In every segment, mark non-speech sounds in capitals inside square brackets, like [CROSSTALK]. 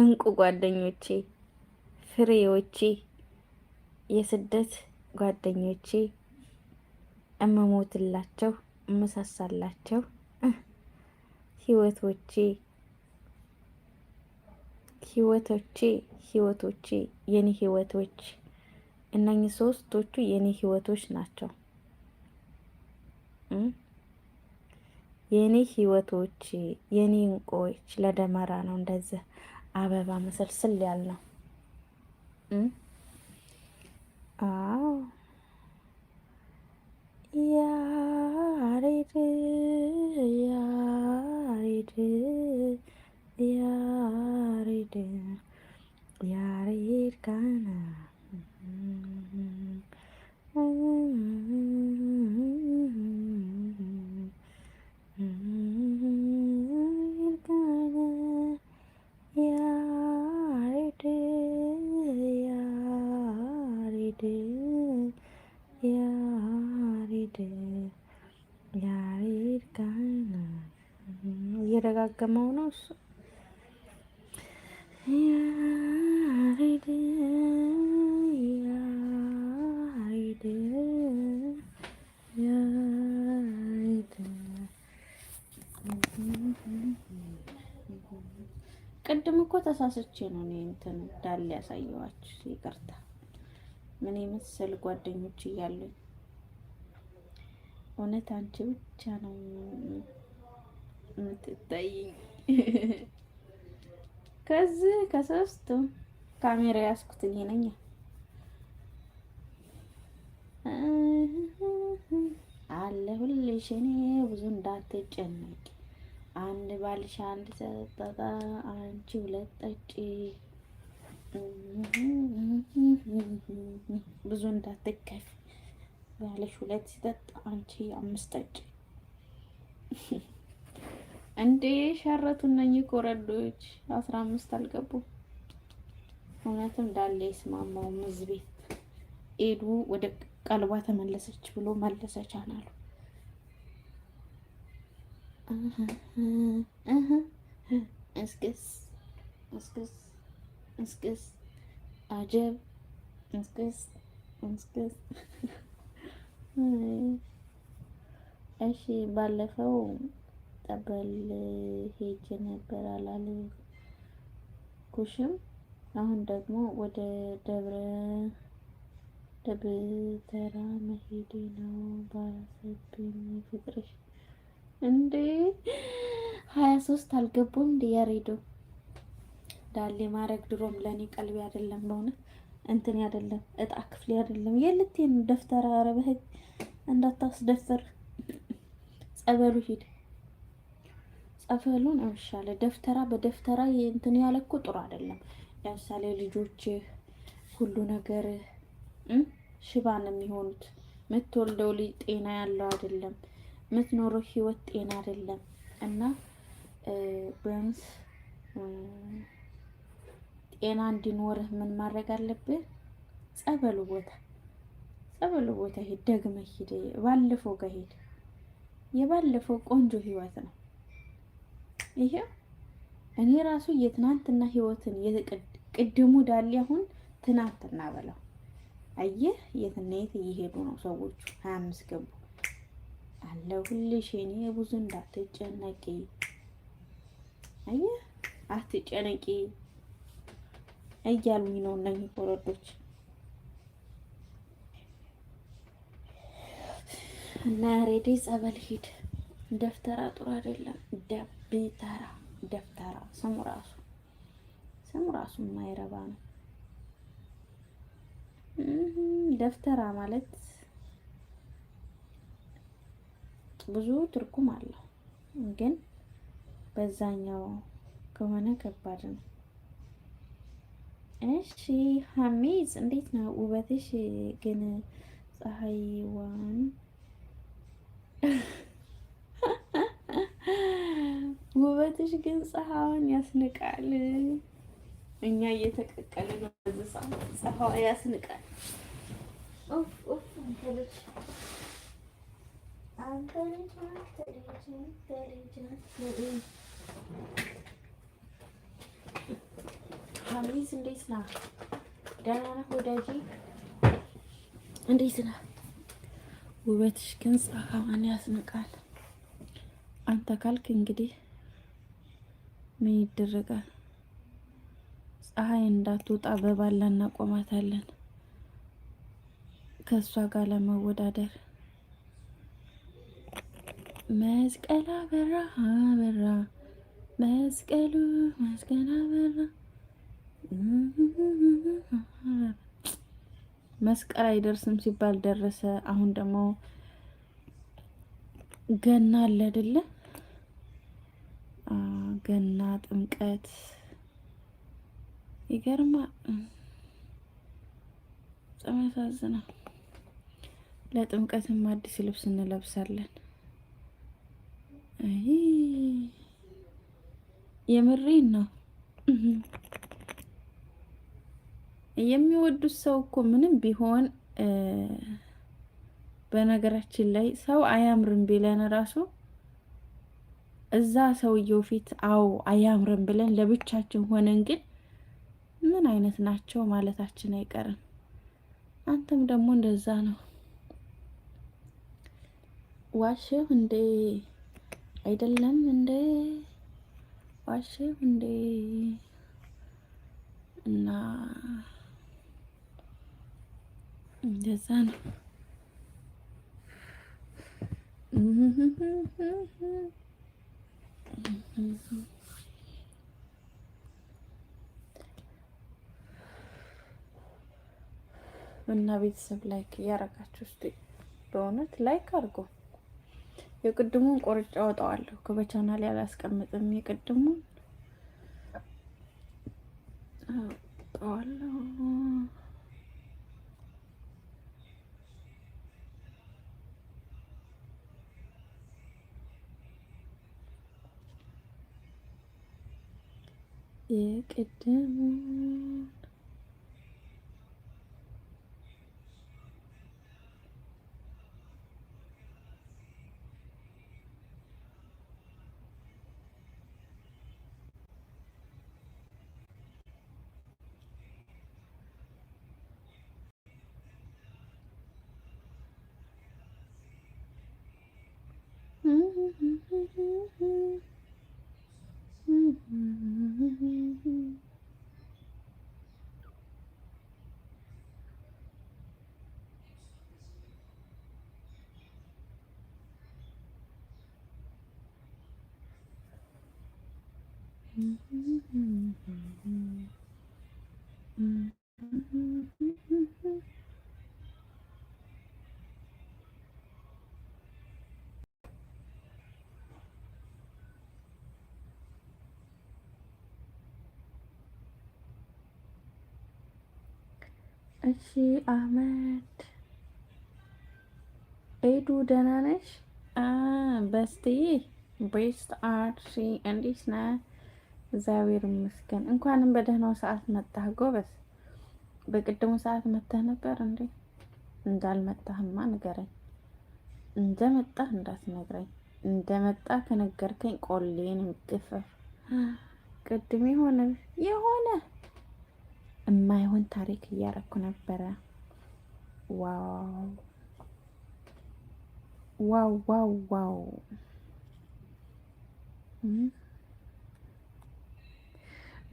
እንቁ ጓደኞቼ፣ ፍሬዎቼ፣ የስደት ጓደኞቼ፣ እመሞትላቸው፣ እመሳሳላቸው ህይወቶቼ ህይወቶቼ ህይወቶቼ የኔ ህይወቶች እነኚህ ሶስቶቹ የኔ ህይወቶች ናቸው። የኔ ህይወቶች የኔ እንቆች ለደመራ ነው እንደዚህ አበባ መሰልስል ያለው አዎ ያሬድ ያሬድ ያሬድ ያሬድ ካና እየተራገመው ነው እሱ ቅድም እኮ ተሳስቼ ነው እኔ እንትን ዳል ያሳየዋችሁ ይቅርታ። ምን የመሰል ጓደኞች እያሉኝ እውነት አንቺ ብቻ ነው የምትታየኝ [LAUGHS] ከዚህ ከሶስቱ ካሜራ ያዝኩት እኔ ነኝ። አለሁልሽ እኔ ብዙ እንዳትጨነቅ አንድ ባልሽ አንድ ሰጠጣ፣ አንቺ ሁለት ጠጪ። ብዙ እንዳትከፍ ባልሽ ሁለት ሲጠጣ፣ አንቺ አምስት ጠጪ። እንዴ ሸረቱ እነኚህ ኮረዶች አስራ አምስት አልገቡም። እውነትም ዳለ ይስማማው ቤት ኤዱ ወደ ቀልቧ ተመለሰች ብሎ መለሰች አናሉ እስክስ እስክስ እስክስ አጀብ እስክስ እስክስ እሺ ባለፈው ልቀበል ሄጄ ነበር ኩሽም። አሁን ደግሞ ወደ ደብረ ደብተራ መሄዴ ነው። ባሰብኝ ፍቅርሽ እንዴ ሀያ ሶስት አልገቡም እንዴ ያሬዶ ዳሌ ማድረግ ድሮም ለእኔ ቀልቤ አይደለም። በሆነ እንትን አይደለም እጣ ክፍሌ አይደለም። የልቴን ደፍተራ ረበህ እንዳታስደፍር ጸበሉ ሂድ ጸፈሉን እምሻለ ደፍተራ በደፍተራ እንትን ያለ እኮ ጥሩ አይደለም። ለምሳሌ ልጆች ሁሉ ነገር ሽባን የሚሆኑት። የምትወልደው ልጅ ጤና ያለው አይደለም። የምትኖረው ህይወት ጤና አይደለም እና ቢያንስ ጤና እንዲኖርህ ምን ማድረግ አለብህ? ጸበሉ ቦታ ጸበሉ ቦታ ሄድ፣ ደግመህ ሂድ። ባለፈው ጋር ሄድ። የባለፈው ቆንጆ ህይወት ነው። ይሄ እኔ ራሱ የትናንትና ህይወትን ቅድሙ ዳሌ አሁን ትናንትና በለው አየህ፣ የትና የት እየሄዱ ነው ሰዎቹ። ሀያ አምስት ገቡ አለሁልሽ እኔ ብዙ እንዳትጨነቂ፣ አየህ አትጨነቂ እያሉኝ ነው እነዚህ ወረዶች። እና ሬዴ ጸበል ሂድ ደፍተራ ጥሩ አይደለም። ደብተራ ደፍተራ ስሙ ራሱ ስሙ ራሱ የማይረባ ነው። ደፍተራ ማለት ብዙ ትርጉም አለው፣ ግን በዛኛው ከሆነ ከባድ ነው። እሺ ሀሚዝ እንዴት ነው ውበትሽ? ግን ፀሐይዋን ውበትሽ ግን ፀሐዋን ያስንቃል። እኛ እየተቀቀለ ነው። በዚህ ሰዓት ፀሐይዋ ያስንቃል። ሀሚዝ እንዴት ና? ደህና ነህ ወዳጄ? እንዴት ና? ውበትሽ ግን ፀሐይዋን ያስንቃል። አንተ ካልክ እንግዲህ ምን ይደረጋል? ፀሐይ እንዳትወጣ በባላ እናቆማታለን። ከእሷ ጋር ለመወዳደር መስቀል አበራ አበራ መስቀሉ መስቀል አበራ መስቀል አይደርስም ሲባል ደረሰ። አሁን ደግሞ ገና አለ አይደለ? ገና ጥምቀት ይገርማ በጣም ያሳዝናል። ለጥምቀትም አዲስ ልብስ እንለብሳለን። የምሬን ነው። የሚወዱት ሰው እኮ ምንም ቢሆን በነገራችን ላይ ሰው አያምርም ቢለን ራሱ እዛ ሰውየው ፊት አው አያምርም ብለን ለብቻችን ሆነን ግን ምን አይነት ናቸው ማለታችን አይቀርም። አንተም ደግሞ እንደዛ ነው። ዋሽህ እንዴ? አይደለም እንዴ? ዋሽህ እንዴ? እና እንደዛ ነው። እና ቤተሰብ ላይክ እያረጋችሁ እስቲ በእውነት ላይክ አድርጎ የቅድሙን ቆርጬ አወጣዋለሁ። ከበቻናል አላስቀምጥም የቅድሙን አወጣዋለሁ። የቅድሙን Mm-hmm. Mm-hmm. mm-hmm. mm-hmm. እሺ አህመድ ኤዱ ደህና ነሽ? በስትዬ ቤስት አርሲ እንዴት ነህ? እግዚአብሔር ይመስገን። እንኳንም በደህናው ሰዓት መጣህ ጎበዝ። በቅድሙ ሰዓት መጥተህ ነበር እንዴ? እንዳልመጣህማ ንገረኝ። እንደመጣህ እንዳትነግረኝ። እንደመጣ ከነገርከኝ ቆሌን የሚገፈፍ ቅድም የሆነ የሆነ የማይሆን ታሪክ እያረኩ ነበረ። ዋው ዋው ዋው ዋው!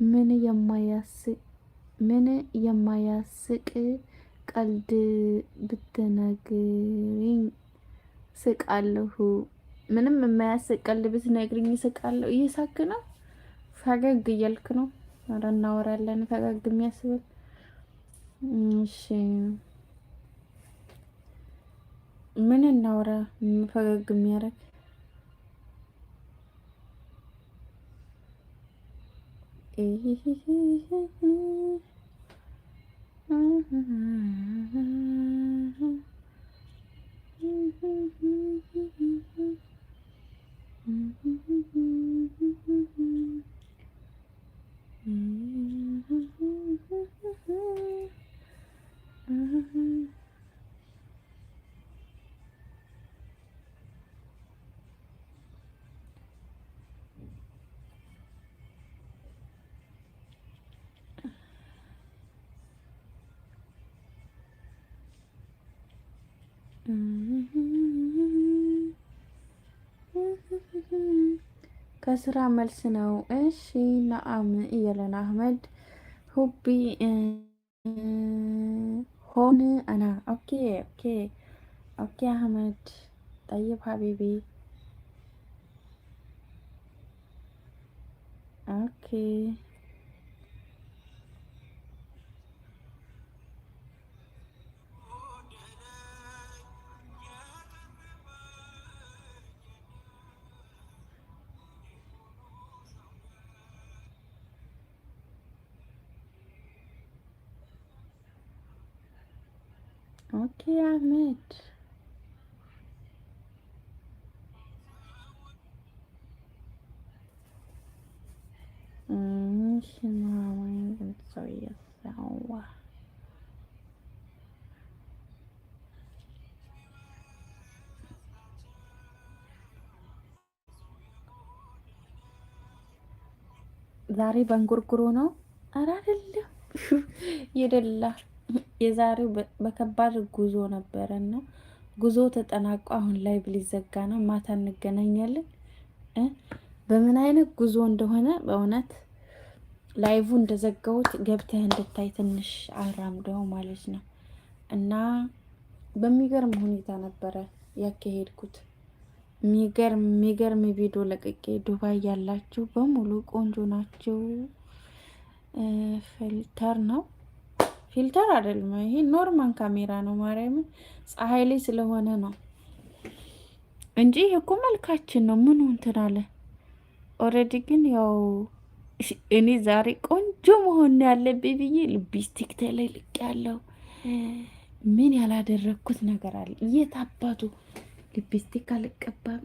ምን የማያስቅ ምን የማያስቅ ቀልድ ብትነግሪኝ ስቃለሁ። ምንም የማያስቅ ቀልድ ብትነግሪኝ ስቃለሁ። እየሳክ ነው? ፈገግ እያልክ ነው? ኧረ እናወራለን ፈገግ የሚያስብል እሺ ምን እናወራ ፈገግ የሚያደርግ [LAUGHS] ከስራ መልስ ነው። እሺ ነአም እያለን አህመድ ሁቢ ሆን አና ኦኬ ኦኬ ኦኬ አህመድ ጠይብ ሀቢቢ ኦኬ اوكي يا عماد مش ناوي نسوي سوا ዛሬ በእንጉርጉሮ ነው። አራርል ይደላል [LAUGHS] የዛሬው በከባድ ጉዞ ነበረ እና ጉዞ ተጠናቆ አሁን ላይ ሊዘጋ ነው። ማታ እንገናኛለን። በምን አይነት ጉዞ እንደሆነ በእውነት ላይቭ እንደዘጋሁት ገብተህ እንድታይ ትንሽ አራምደው ማለት ነው እና በሚገርም ሁኔታ ነበረ ያካሄድኩት። ሚገርም ሚገርም ቪዲዮ ለቅቄ ዱባይ ያላችሁ በሙሉ ቆንጆ ናቸው ፊልተር ነው ፊልተር አይደለም ይሄ ኖርማል ካሜራ ነው። ማርያምን ፀሐይ ላይ ስለሆነ ነው እንጂ ይሄ እኮ መልካችን ነው። ምኑ እንትን አለ ኦልሬዲ። ግን ያው እኔ ዛሬ ቆንጆ መሆን ያለብኝ ብዬ ሊፕስቲክ ተለልቅ ያለው ምን ያላደረግኩት ነገር አለ? የት አባቱ ሊፕስቲክ አልቀባም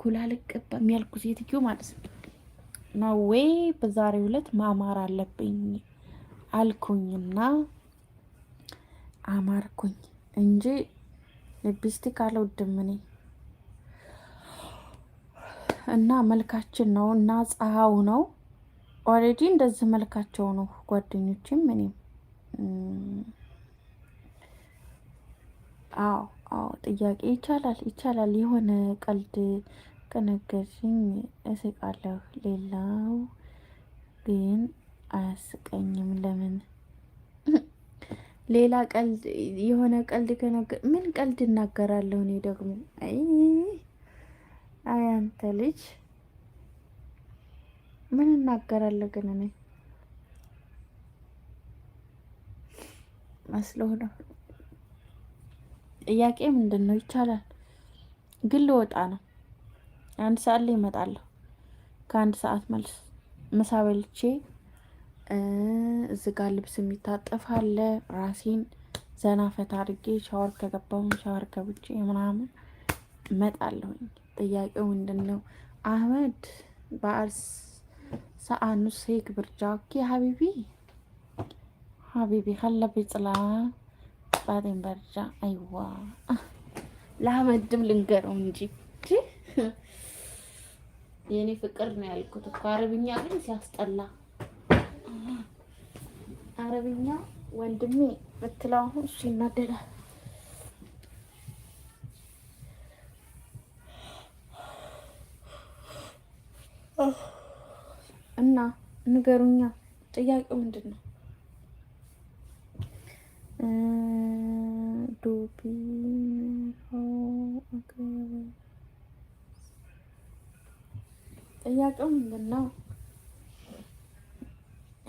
ኩላ አልቀባም ያልኩ ሴትዮ ማለት ነው ነው ወይ በዛሬው ዕለት ማማር አለብኝ አልኩኝና አማርኩኝ እንጂ ሊፕስቲክ አልወድም እኔ እና መልካችን ነው እና ፀሐው ነው ኦልሬዲ እንደዚህ መልካቸው ነው ጓደኞችም እኔም አዎ አዎ ጥያቄ ይቻላል ይቻላል የሆነ ቀልድ ከነገርሽኝ እስቃለሁ ሌላው ግን አያስቀኝም ለምን ሌላ ቀልድ የሆነ ቀልድ ከነገ ምን ቀልድ እናገራለሁ እኔ ደግሞ። አይ አንተ ልጅ ምን እናገራለሁ ግን እኔ መስሎህ ነው። ጥያቄ ምንድን ነው? ይቻላል ግን ልወጣ ነው። አንድ ሰዓት ላይ እመጣለሁ። ከአንድ ሰዓት መልስ ምሳ በልቼ እዚ ጋር ልብስ የሚታጠፍ አለ። ራሴን ዘና ፈታ አድርጌ ሻወር ከገባሁ ሻወር ከብቼ ምናምን እመጣለሁኝ። ጥያቄው ምንድን ነው? አህመድ በአል ሰአኑ ሴክ ብርጃ ኦኬ ሀቢቢ ሀቢቢ ከለቤ ጽላ ጣጤን በርጃ አይዋ [LAUGHS] ለአህመድም ልንገረው እንጂ [LAUGHS] የኔ ፍቅር ነው ያልኩት እኮ አረብኛ ግን ሲያስጠላ አረብኛ ወንድሜ ብትለው አሁን እሱ ይናደዳል። እና ንገሩኛ፣ ጥያቄው ምንድን ነው? ዶቢ ጥያቄው ምንድን ነው?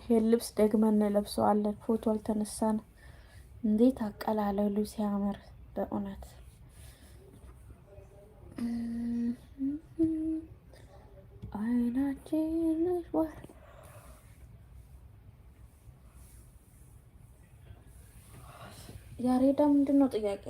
ይሄን ልብስ ደግመን እንለብሰዋለን። ፎቶ አልተነሳን። እንዴት አቀላለሉ ሲያምር በእውነት አይናችን ያሬዳ ምንድን ነው ጥያቄ